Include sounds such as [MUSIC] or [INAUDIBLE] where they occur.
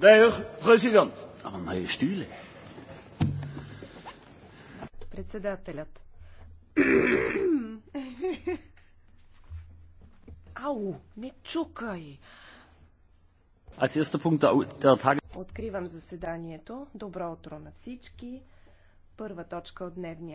De heer президент. Ама е ли? Председателят. Ау, [COUGHS] не чукай! Откривам заседанието. Добро утро на всички. Първа точка от дневния